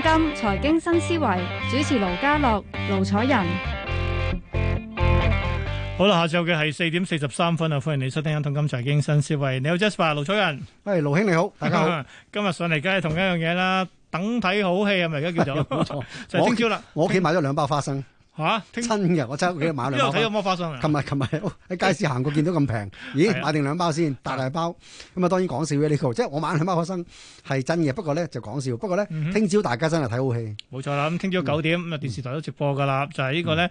金財經新思維，主持盧家樂、盧楚仁，好啦，下晝嘅，係四點四十三分啊！歡迎你收聽《通金財經新思維》，你好，Jasper，盧楚仁，喂，盧兄你好，大家好，今日上嚟，梗係同一樣嘢啦，等睇好戲，係咪而家叫做？冇錯，就係聽朝啦。我屋企買咗兩包花生。嚇！啊、真嘅，我真係屋企買兩包。因為睇有冇花生啊，琴日琴日喺街市行過，見到咁平，欸、咦？啊、買定兩包先，大大包。咁啊，當然講笑嘅呢、呢個，即係我買兩包花生，係真嘅。不過咧就講笑。不過咧，聽朝、嗯、哼大家真係睇好戲。冇錯啦，咁聽朝九點咁啊，嗯、電視台都直播㗎啦。就係、是、呢個咧，嗯、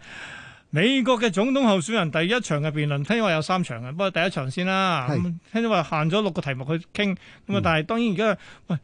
美國嘅總統候選人第一場嘅辯論，聽話有三場嘅，不過第一場先啦。聽咗話行咗六個題目去傾，咁啊、嗯，但係當然而家喂，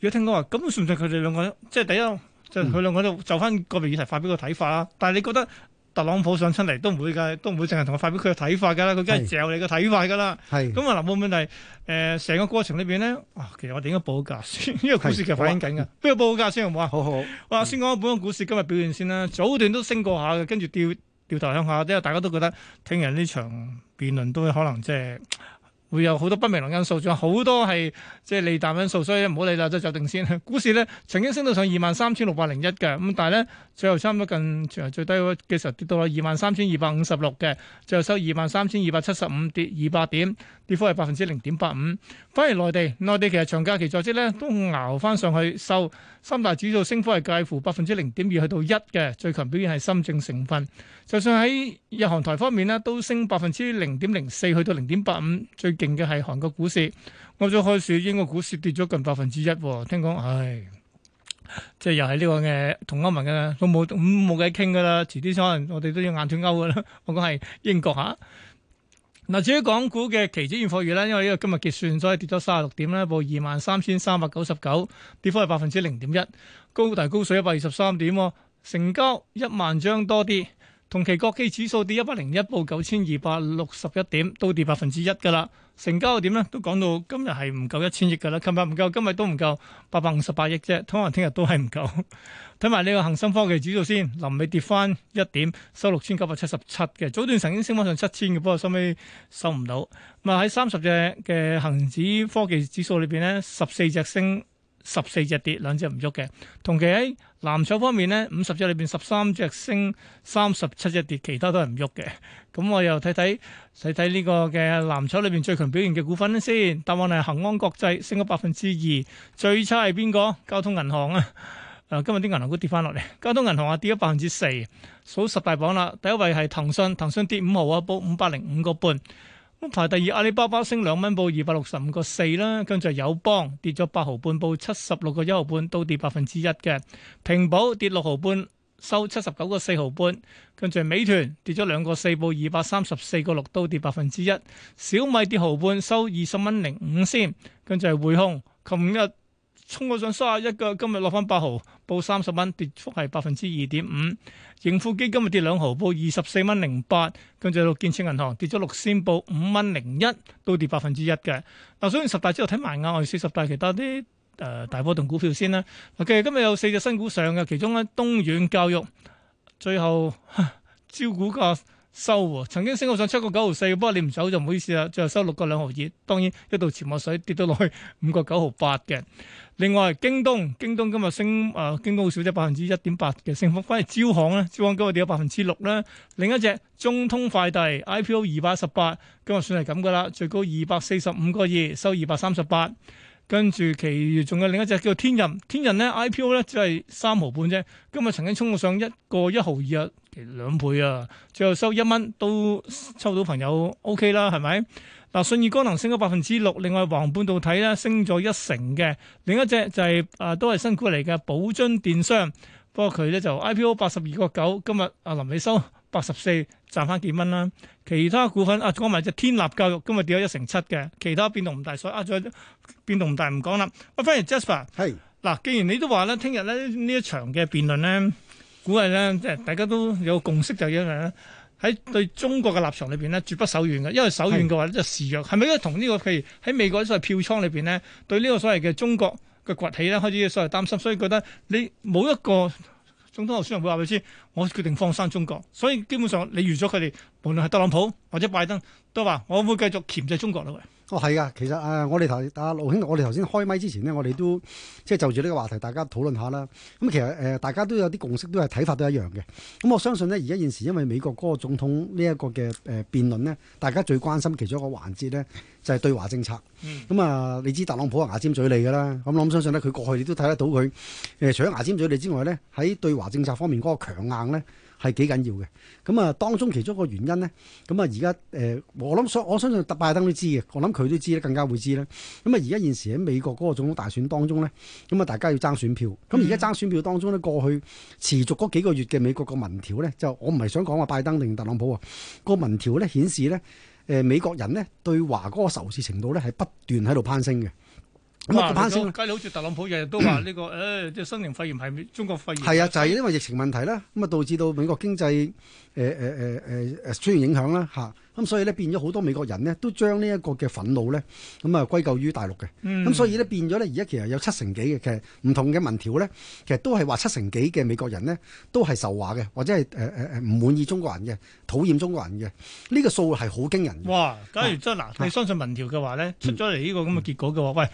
如果聽講話根本算唔算佢哋兩個，即係第一。佢兩、嗯、個就就翻個別議題發表個睇法啦，但係你覺得特朗普上出嚟都唔會噶，都唔會淨係同佢發表佢嘅睇法噶啦，佢梗係嚼你嘅睇法噶啦。係咁啊，嗱、嗯，冇問題。誒，成、呃、個過程裏邊咧，啊，其實我哋應該報價先，呢個股市其實反映緊噶，價好不如報價先好唔好啊？好好，哇，先講下本港股市今日表現先啦，早段都升過下嘅，跟住掉調頭向下，因為大家都覺得聽日呢場辯論都可能即、就、係、是。會有好多不明朗因素，仲有好多係即係利淡因素，所以唔好理啦，即係就定先。股市咧曾經升到上二萬三千六百零一嘅，咁但係咧最後差唔多近，最後最低嘅時候跌到係二萬三千二百五十六嘅，最後收二萬三千二百七十五，跌二百點，跌幅係百分之零點八五。反而內地，內地其實長假期在即咧都熬翻上去收，三大指數升幅係介乎百分之零點二去到一嘅，最強表現係深證成分。就算喺日韓台方面咧都升百分之零點零四去到零點八五最。勁嘅係韓國股市，我早開市，英國股市跌咗近百分之一，聽講，唉，即係又係呢個嘅同歐盟嘅，都冇咁冇計傾噶啦，遲啲可能我哋都要硬脫歐噶啦。我講係英國吓。嗱、啊，至於港股嘅期指現貨月咧，因為呢個今日結算，所以跌咗三十六點咧，報二萬三千三百九十九，跌幅係百分之零點一，高大高水一百二十三點，成交萬張一萬張多啲。同期國企指數跌一百零一，報九千二百六十一點，都跌百分之一㗎啦。成交又點咧？都講到今日係唔夠一千億㗎啦。琴日唔夠，今日都唔夠八百五十八億啫。通常聽日都係唔夠。睇埋呢個恒生科技指數先，臨尾跌翻一點，收六千九百七十七嘅。早段曾經升翻上七千嘅，不過收尾收唔到。咁啊喺三十隻嘅恒指科技指數裏邊咧，十四隻升。十四隻跌，兩隻唔喐嘅。同期喺藍籌方面呢，五十隻裏邊十三隻升，三十七隻跌，其他都係唔喐嘅。咁我又睇睇，睇睇呢個嘅藍籌裏邊最強表現嘅股份先。答案係恒安國際，升咗百分之二。最差係邊個？交通銀行啊、呃，今日啲銀行都跌翻落嚟。交通銀行啊跌咗百分之四。數十大榜啦，第一位係騰訊，騰訊跌五毫啊，報五百零五個半。排第二，阿里巴巴升兩蚊，報二百六十五個四啦。跟住友邦跌咗八毫半，報七十六個一毫半，都跌百分之一嘅。平保跌六毫半，收七十九個四毫半。跟住美團跌咗兩個四，報二百三十四個六，都跌百分之一。小米跌毫半，收二十蚊零五先。跟住匯控，琴日。衝到上卅一嘅，今日落翻八毫，報三十蚊，跌幅係百分之二點五。盈富基金今日跌兩毫，報二十四蚊零八。跟住到建設銀行跌咗六仙，報五蚊零一，都跌百分之一嘅。嗱，所以十大之後睇埋啊，我哋四十大其他啲誒、呃、大波動股票先啦。嗱、okay，今日有四隻新股上嘅，其中咧東軟教育最後招股價。收曾經升過上七個九毫四，不過你唔走就唔好意思啦。最後收六個兩毫二，當然一度潛落水跌到落去五個九毫八嘅。另外，京東，京東今日升啊，京東好少啫，百分之一點八嘅升幅。反而招行咧，招行今日跌咗百分之六啦。另一隻中通快遞 IPO 二百一十八，今日算係咁噶啦，最高二百四十五個二，收二百三十八。跟住其餘仲有另一隻叫天任，天任咧 IPO 咧只係三毫半啫，今日曾經衝過上一個一毫二啊。兩倍啊！最後收一蚊都抽到朋友 OK 啦，係咪？嗱，信義光能升咗百分之六，另外華虹半導體咧升咗一成嘅，另一隻就係啊都係新股嚟嘅寶津電商，不過佢咧就 I P O 八十二個九，今日啊臨尾收八十四，賺翻幾蚊啦。其他股份啊講埋隻天立教育，今日跌咗一成七嘅，其他變動唔大，所以啊再變動唔大唔講是啦。啊，歡迎 Jasper。係嗱，既然你都話咧，聽日咧呢一場嘅辯論咧。估係咧，即係大家都有共識，就係因為咧喺對中國嘅立場裏邊咧，絕不手軟嘅。因為手軟嘅話咧，就示弱。係咪因為同呢個譬如喺美國所謂票倉裏邊咧，對呢個所謂嘅中國嘅崛起咧，開始所謂擔心，所以覺得你冇一個總統候選人會話畀你知，我決定放生中國。所以基本上你預咗佢哋，無論係特朗普或者拜登都話，我會繼續鉗制中國啦。哦，係啊，其實誒、呃，我哋頭阿盧兄，我哋頭先開麥之前呢，我哋都即係就住呢個話題，大家討論下啦。咁其實誒、呃，大家都有啲共識，都係睇法都一樣嘅。咁我相信呢，而家現時因為美國嗰個總統呢一個嘅誒辯論呢，大家最關心其中一個環節呢，就係、是、對華政策。咁啊、嗯嗯，你知特朗普牙尖嘴利㗎啦。咁我諗相信呢，佢過去你都睇得到佢誒、呃，除咗牙尖嘴利之外呢，喺對華政策方面嗰個強硬呢。係幾緊要嘅。咁啊？當中其中一個原因咧，咁啊而家誒，我諗所我相信特拜登都知嘅，我諗佢都知咧，更加會知啦。咁啊而家現時喺美國嗰個總統大選當中咧，咁啊大家要爭選票。咁而家爭選票當中咧，過去持續嗰幾個月嘅美國個民調咧，就我唔係想講話拜登定特朗普啊，個民調咧顯示咧，誒美國人呢對華嗰個仇視程度咧係不斷喺度攀升嘅。咁啊，梗係好似特朗普日日都話呢、這個，誒，即係新型肺炎係中國肺炎。係啊，就係、是、因為疫情問題啦，咁啊導致到美國經濟，誒誒誒誒誒，出、呃、現影響啦吓。咁所以咧變咗好多美國人呢，都將呢一個嘅憤怒呢，咁啊歸咎於大陸嘅。咁、嗯、所以咧變咗呢，而家其實有七成幾嘅其實唔同嘅民調呢，其實，其實都係話七成幾嘅美國人呢，都係仇華嘅，或者係誒誒唔滿意中國人嘅，討厭中國人嘅。呢、呢個數係好驚人嘅。哇！假如真係嗱，你、啊、相信民調嘅話呢，啊、出咗嚟呢個咁嘅結果嘅話，嗯、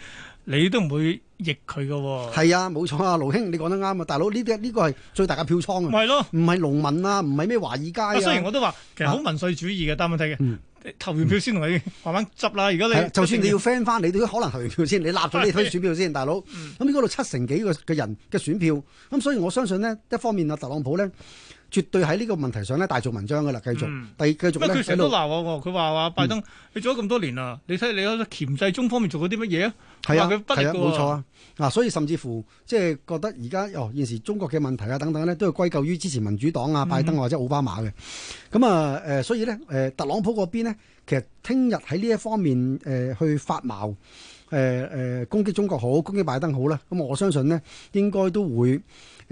喂，你都唔會。益佢嘅喎，係、哦、啊，冇錯啊，盧兄，你講得啱啊，大佬呢啲呢個係最大嘅票倉啊，係咯，唔係農民啊，唔係咩華爾街啊，雖然我都話其實好民粹主義嘅，啊、但係問題嘅，嗯、投完票先同你慢慢執啦，如果、嗯、你、啊、就算你要 friend 翻、嗯，你都可能投完票先，你立咗啲推選票先，大佬，咁呢度七成幾個嘅人嘅選票，咁所以我相信呢，一方面啊，特朗普咧。絕對喺呢個問題上咧，大做文章㗎喇，繼續，第繼、嗯、續佢成日都鬧我喎。佢話話拜登，你做咗咁多年啦，你睇下你喺潛勢中方面做過啲乜嘢啊？話佢、嗯、不過，冇錯、嗯、啊！嗱，所以甚至乎即係覺得而家哦，現時中國嘅問題啊等等咧，都要歸咎於支持民主黨啊、拜登、啊、或者奧巴馬嘅。咁啊誒，所以咧誒、呃，特朗普嗰邊咧，其實聽日喺呢一方面誒去發矛，誒、呃、誒、呃、攻擊中國好，攻擊拜登好啦。咁我相信呢，應該都會。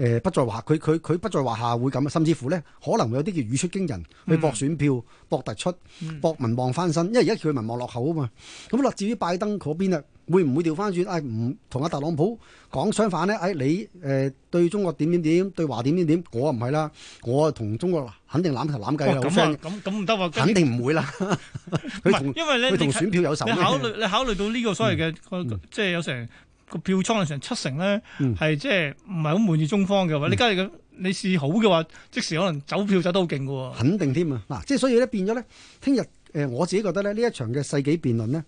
誒、呃、不在話，佢佢佢不在話下會咁，甚至乎咧可能會有啲叫語出驚人、嗯、去搏選票、搏突出、搏民望翻身。因為而家佢民望落後啊嘛。咁立至於拜登嗰邊啊，會唔會調翻轉？誒唔同阿特朗普講相反咧？誒、哎、你誒、呃、對中國點點點，對華點點點，我唔係啦，我同中國肯定攬頭攬計有聲。咁啊咁咁唔得喎，啊、肯定唔會啦。佢同佢同選票有仇。你考慮你考慮到呢個所謂嘅即係有成，嗯嗯嗯個票倉可能成七成咧，係即係唔係好滿意中方嘅話，你而家你試好嘅話，即時可能走票走得好勁嘅喎。肯定添啊！嗱，即係所以咧變咗咧，聽日誒我自己覺得咧呢一場嘅世紀辯論咧，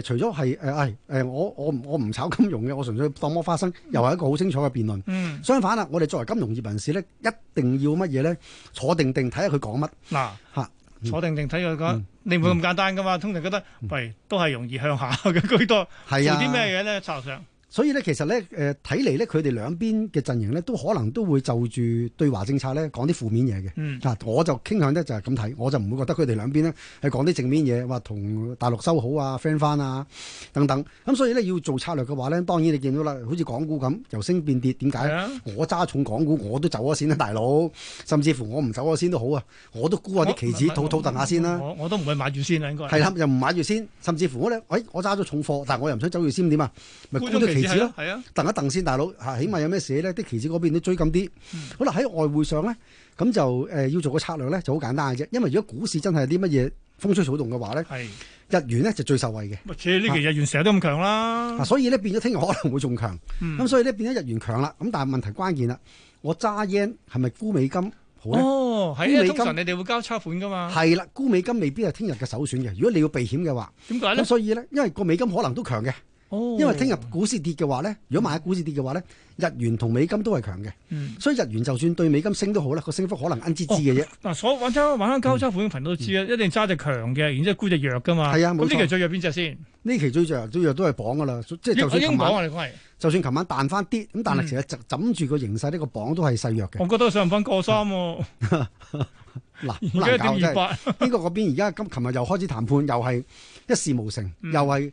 誒除咗係誒誒我我我唔炒金融嘅，我純粹當我花生又係一個好清楚嘅辯論。相反啊，我哋作為金融業人士咧，一定要乜嘢咧？坐定定睇下佢講乜。嗱嚇，坐定定睇佢講，你唔會咁簡單㗎嘛？通常覺得喂都係容易向下嘅居多。係啊，做啲咩嘢咧？炒上？所以咧，其實咧，誒睇嚟咧，佢哋兩邊嘅陣營咧，都可能都會就住對華政策咧講啲負面嘢嘅。嗱、嗯啊，我就傾向咧就係咁睇，我就唔會覺得佢哋兩邊咧係講啲正面嘢，話同大陸修好啊、friend 翻啊等等。咁、啊、所以咧要做策略嘅話咧，當然你見到啦，好似港股咁由升變跌，點解？啊、我揸重港股，我都走咗先啦，大佬。甚至乎我唔走咗先都好啊，我都沽下啲期指，吐吐揼下先啦。我都唔會買住先啦，應該。係啦，又唔買住先，甚至乎我咧，喂、哎，我揸咗重貨，但係我又唔想走住先點啊？沽係咯，係啊，等一等先，大佬吓，起碼有咩事咧？啲期指嗰邊都追咁啲。嗯、好啦，喺外匯上咧，咁就誒、呃、要做個策略咧，就好簡單嘅啫。因為如果股市真係有啲乜嘢風吹草動嘅話咧，的日元咧就最受惠嘅。而且呢期日元成日都咁強啦、啊，所以咧變咗聽日可能會仲強。咁、嗯、所以咧變咗日元強啦。咁但係問題關鍵啦，我揸 yen 係咪沽美金好咧？哦，係啊，通常你哋會交差款噶嘛？係啦，沽美金未必係聽日嘅首選嘅。如果你要避險嘅話，點解咧？所以咧，因為個美金可能都強嘅。因為聽日股市跌嘅話咧，如果萬一股市跌嘅話咧，日元同美金都係強嘅，所以日元就算對美金升都好啦，個升幅可能恩之之嘅啫。嗱，所玩親玩翻，交叉盤都知啊，一定揸隻強嘅，然之後沽隻弱噶嘛。係啊，冇錯。咁呢期最弱邊隻先？呢期最弱都係磅噶啦，即係就算同埋就算琴晚彈翻啲咁，但係其實枕住個形勢呢個磅都係細弱嘅。我覺得上唔翻過三。嗱，好難減二百。呢個嗰邊而家今琴日又開始談判，又係一事無成，又係。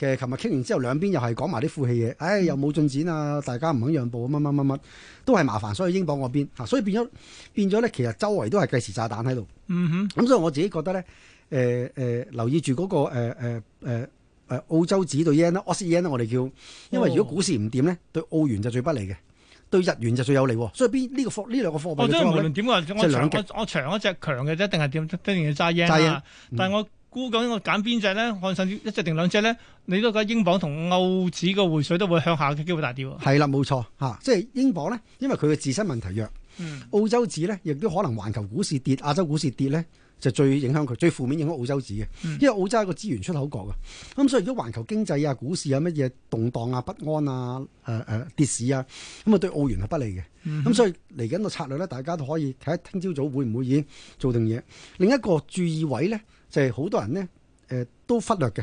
嘅，琴日傾完之後，兩邊又係講埋啲負氣嘢，唉、哎，又冇進展啊！大家唔肯讓步，乜乜乜乜，都係麻煩。所以英鎊嗰邊吓，所以變咗變咗咧，其實周圍都係計時炸彈喺度。嗯哼，咁、啊、所以我自己覺得咧，誒、呃、誒、呃，留意住嗰、那個誒誒誒澳洲紙對 yen 啦，我哋叫，因為如果股市唔掂咧，哦、對澳元就最不利嘅，對日元就最有利。所以邊呢個貨呢兩個貨幣、哦無，我即係無論點話我我我長一隻強嘅啫，定係點一定要揸 yen 但係我估緊我揀邊隻呢？看上一隻定兩隻呢？你都覺得英鎊同澳紙個匯水都會向下嘅機會大啲？係啦，冇錯吓。即係英鎊呢，因為佢嘅自身問題弱。嗯。澳洲紙呢，亦都可能環球股市跌，亞洲股市跌呢，就最影響佢，最負面影響澳洲紙嘅。嗯、因為澳洲係一個資源出口國嘅，咁、嗯、所以如果環球經濟啊、股市有啊乜嘢動盪啊、不安啊、誒、呃、誒、呃、跌市啊，咁啊對澳元係不利嘅。咁、嗯嗯、所以嚟緊個策略呢，大家都可以睇下聽朝早會唔會已經做定嘢。另一個注意位呢。就係好多人呢誒、呃、都忽略嘅。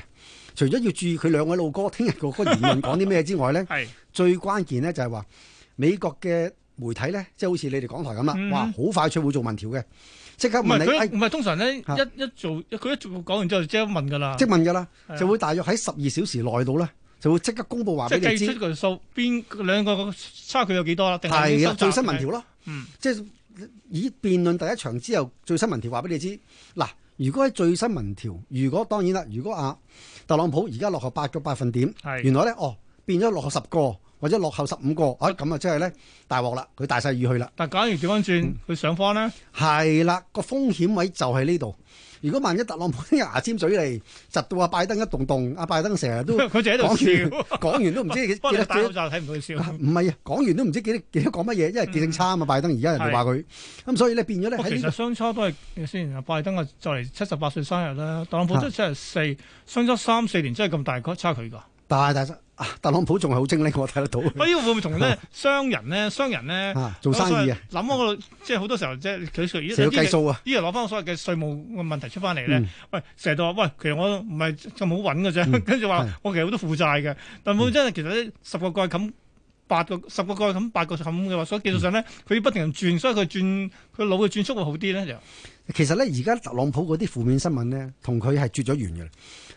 除咗要注意佢兩位老哥聽日個個辯論講啲咩之外咧， 是最關鍵呢就係、是、話美國嘅媒體呢，即係好似你哋港台咁啦，嗯、哇！好快脆會做民調嘅，即刻問你。唔係通常呢，一一做佢一做講完之後就問，即刻問㗎啦。即問㗎啦，啊、就會大約喺十二小時內度呢，就會即刻公佈話俾你知。即係計出邊兩個差距有幾多啦？定係、啊、最新民調咯？嗯、即係、嗯、以辯論第一場之後最新民調話俾你知嗱。如果喺最新民調，如果當然啦，如果阿、啊、特朗普而家落後八個百分點，係原來咧哦變咗落後十個或者落後十五個，哎咁啊真係咧大鑊啦，佢大細雨去啦。但係假如調翻轉佢上方咧，係啦個風險位就喺呢度。如果萬一特朗普啲牙尖嘴利，窒到阿拜登一動動，阿拜登成日都佢就喺度笑，講完都唔知幾得戴口罩就睇唔到佢笑。唔係啊，講完都唔知幾得幾得講乜嘢，因為記性差啊嘛。拜登而家人哋話佢，咁所以咧變咗咧喺其實相差都係嘅先，拜登啊再嚟七十八歲生日啦，特朗普都七十四，相差三四年真係咁大個差距㗎。大啊大生。啊，特朗普仲係好精靈，我睇得到。啊，呢個會唔會同咧商人咧？商人咧，做生意啊，諗即係好多時候，即係佢稅，成日計數啊。呢個攞翻我所謂嘅稅務嘅問題出翻嚟咧，喂、嗯，成日都話喂，其實我唔係咁好搵嘅啫。跟住話，的我其實好多負債嘅。但係冇真係，其實十個蓋冚八個，十個蓋冚八個冚嘅話，所以技術上咧，佢、嗯、不停咁轉，所以佢轉，佢腦嘅轉速會好啲咧。其實咧，而家特朗普嗰啲負面新聞咧，同佢係絕咗緣嘅。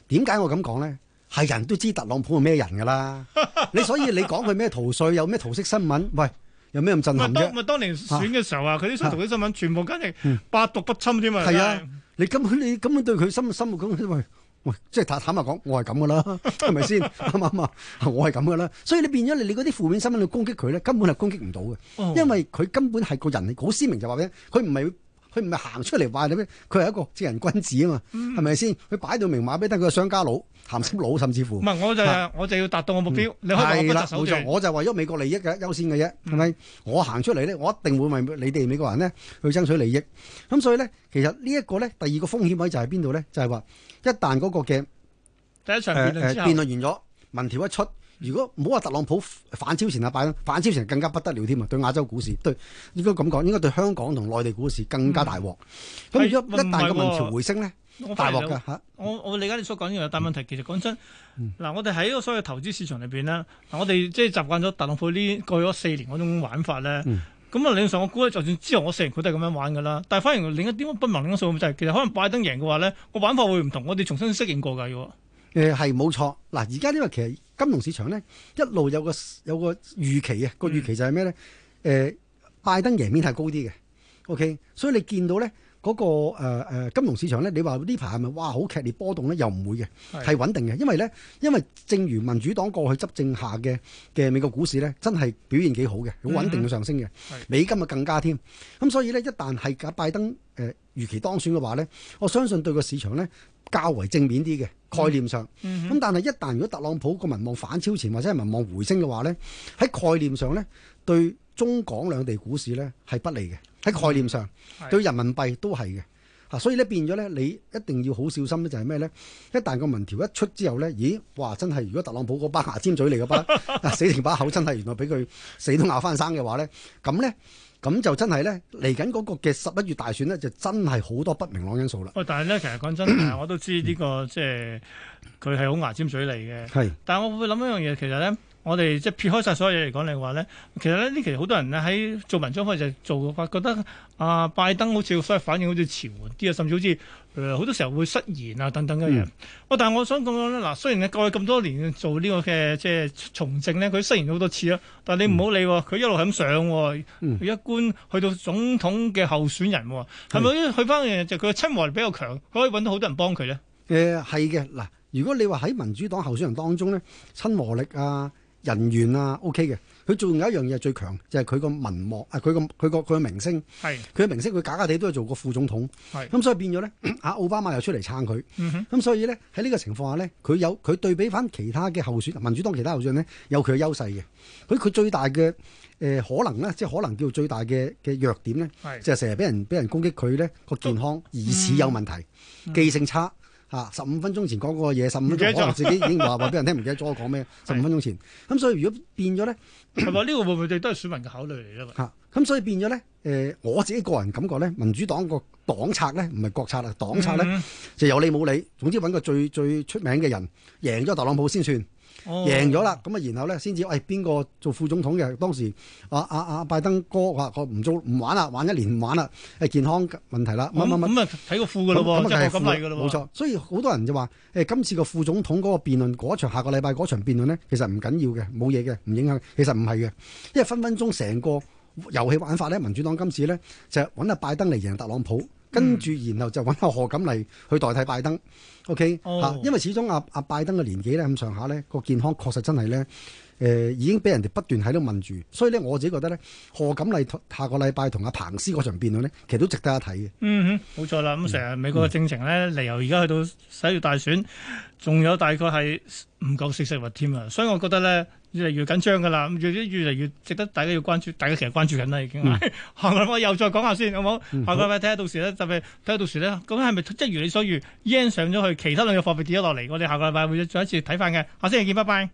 點解我咁講咧？係人都知特朗普係咩人噶啦，你 所以你講佢咩逃稅，有咩逃稅新聞，喂，有咩咁震撼啫？咪當，當年選嘅時候啊，佢啲桃色新聞、啊啊、全部簡直百毒不侵添嘛。係、嗯、啊，你根本你根本對佢心心目咁，喂喂，即係坦坦白講，我係咁噶啦，係咪先？啱啱啊？我係咁噶啦，所以你變咗你嗰啲負面新聞去攻擊佢咧，根本係攻擊唔到嘅，因為佢根本係個人好鮮明就話俾你，佢唔係。佢唔係行出嚟話你咩？佢係一個正人君子啊嘛，係咪先？佢擺到明話俾得佢個商家佬、咸濕佬，甚至乎唔係我就是、但我就要達到我目標。嗯、你可以不擇手段、嗯、我就為咗美國利益嘅優先嘅啫，係咪？嗯、我行出嚟咧，我一定會為你哋美國人呢去爭取利益。咁所以咧，其實呢一個咧，第二個風險位就喺邊度咧？就係、是、話一旦嗰個嘅第一場辯論之後，辯論完咗，民調一出。如果唔好話特朗普反超前阿拜登，反超前更加不得了添啊！對亞洲股市，對，應該咁講，應該對香港同內地股市更加大鑊。咁、嗯、如果一旦個民調回升咧，大鑊噶吓！我、啊、我，我理解你所講呢樣，大問題，其實講真，嗱、嗯，我哋喺個所有投資市場裏邊咧，我哋即係習慣咗特朗普呢過咗四年嗰種玩法咧，咁啊理論上我估就算之後我四年佢都係咁樣玩噶啦。但係反而另一點不盲，另一數就係，其實可能拜登贏嘅話咧，個玩法會唔同，我哋重新適應過噶。誒係冇錯，嗱而家因為其實金融市場咧一路有個有個預期啊，個預期就係咩咧？誒、嗯呃，拜登贏面係高啲嘅，OK，所以你見到咧。嗰個誒誒金融市場咧，你話呢排係咪哇好劇烈波動咧？又唔會嘅，係穩定嘅。因為咧，因為正如民主黨過去執政下嘅嘅美國股市咧，真係表現幾好嘅，好穩定嘅上升嘅。美金啊更加添。咁所以咧，一旦係阿拜登誒如期當選嘅話咧，我相信對個市場咧較為正面啲嘅概念上。咁但係一旦如果特朗普個民望反超前或者係民望回升嘅話咧，喺概念上咧對。中港兩地股市咧係不利嘅，喺概念上的對人民幣都係嘅，嚇，所以咧變咗咧，你一定要好小心咧，就係咩咧？一旦個民調一出之後咧，咦，哇，真係如果特朗普嗰班牙尖嘴利嗰班死定把口，真係原來俾佢死都咬翻生嘅話咧，咁咧，咁就真係咧嚟緊嗰個嘅十一月大選咧，就真係好多不明朗因素啦。喂，但係咧，其實講真我都知呢個 即係佢係好牙尖嘴利嘅，係的。但係我會諗一樣嘢，其實咧。我哋即係撇開晒所有嘢嚟講，你話咧，其實咧呢，其實好多人咧喺做文章，可能就做發覺得啊，拜登好似所反應好似遲緩啲啊，甚至好似好、呃、多時候會失言啊等等一樣。我、嗯、但係我想講咧，嗱，雖然咧過去咁多年做呢、這個嘅即係從政咧，佢失言咗好多次啊，但係你唔好理佢、嗯、一路係咁上，佢、嗯、一官去到總統嘅候選人，係咪去翻就佢親和力比較強，佢可以揾到好多人幫佢咧？誒係嘅，嗱，如果你話喺民主黨候選人當中咧，親和力啊～人緣啊，OK 嘅，佢仲有一樣嘢係最強，就係佢個文幕，啊，佢個佢個佢嘅明星，係佢嘅明星，佢是假假地都係做個副總統，係咁是、嗯、所以變咗咧，阿奧巴馬又出嚟撐佢，咁、嗯哼嗯、所以咧喺呢個情況下咧，佢有佢對比返其他嘅候選民主黨其他候選人、呃、呢，有佢嘅優勢嘅，佢佢最大嘅誒可能咧，即係可能叫最大嘅嘅弱點咧，是就成日俾人俾人攻擊佢咧個健康疑似有問題，記、嗯、性差。啊！十五分鐘前講嗰個嘢，十五分鐘可能自己已經話話俾人聽，唔 記得咗我講咩？十五分鐘前咁，所以如果變咗咧，係話呢個會唔會都係選民嘅考慮嚟嘅？嚇！ 咁、啊、所以變咗咧，誒、呃、我自己個人感覺咧，民主黨個黨策咧唔係國策啊，黨策咧、嗯嗯、就有理冇理，總之搵個最最出名嘅人贏咗特朗普先算。贏咗啦，咁啊、哦，然後咧先至話邊個做副總統嘅？當時阿阿阿拜登哥話我唔做唔玩啦，玩一年唔玩啦，係健康問題啦。咁咁啊，睇個副噶啦，咁係冇冇錯。所以好多人就話誒，今次個副總統嗰個辯論嗰場，下個禮拜嗰場辯論咧，其實唔緊要嘅，冇嘢嘅，唔影響。其實唔係嘅，因為分分鐘成個遊戲玩法咧，民主黨今次咧就揾、係、阿拜登嚟贏特朗普。跟住，嗯、然後就揾阿何錦麗去代替拜登。O K，嚇，因為始終阿、啊、阿、啊、拜登嘅年紀咧咁上下咧，個健康確實真係咧，誒、呃、已經俾人哋不斷喺度問住，所以咧我自己覺得咧，何錦麗下個禮拜同阿彭斯嗰場辯論咧，其實都值得一睇嘅。嗯哼，冇錯啦。咁成日美國嘅政情咧，嚟由而家去到十一月大選，仲、嗯、有大概係唔夠食食物添啊。所以我覺得咧。越嚟越緊張㗎啦，越嚟越值得大家要關注，大家其實關注緊啦已經。嗯、 下個禮拜又再講下先，好唔好？嗯、好，下個禮拜睇下到時咧，特別睇下到時咧，咁係咪即係如你所願，Yen 上咗去，其他兩個貨幣跌咗落嚟？我哋下個禮拜會再一次睇翻嘅。下星期見，拜拜。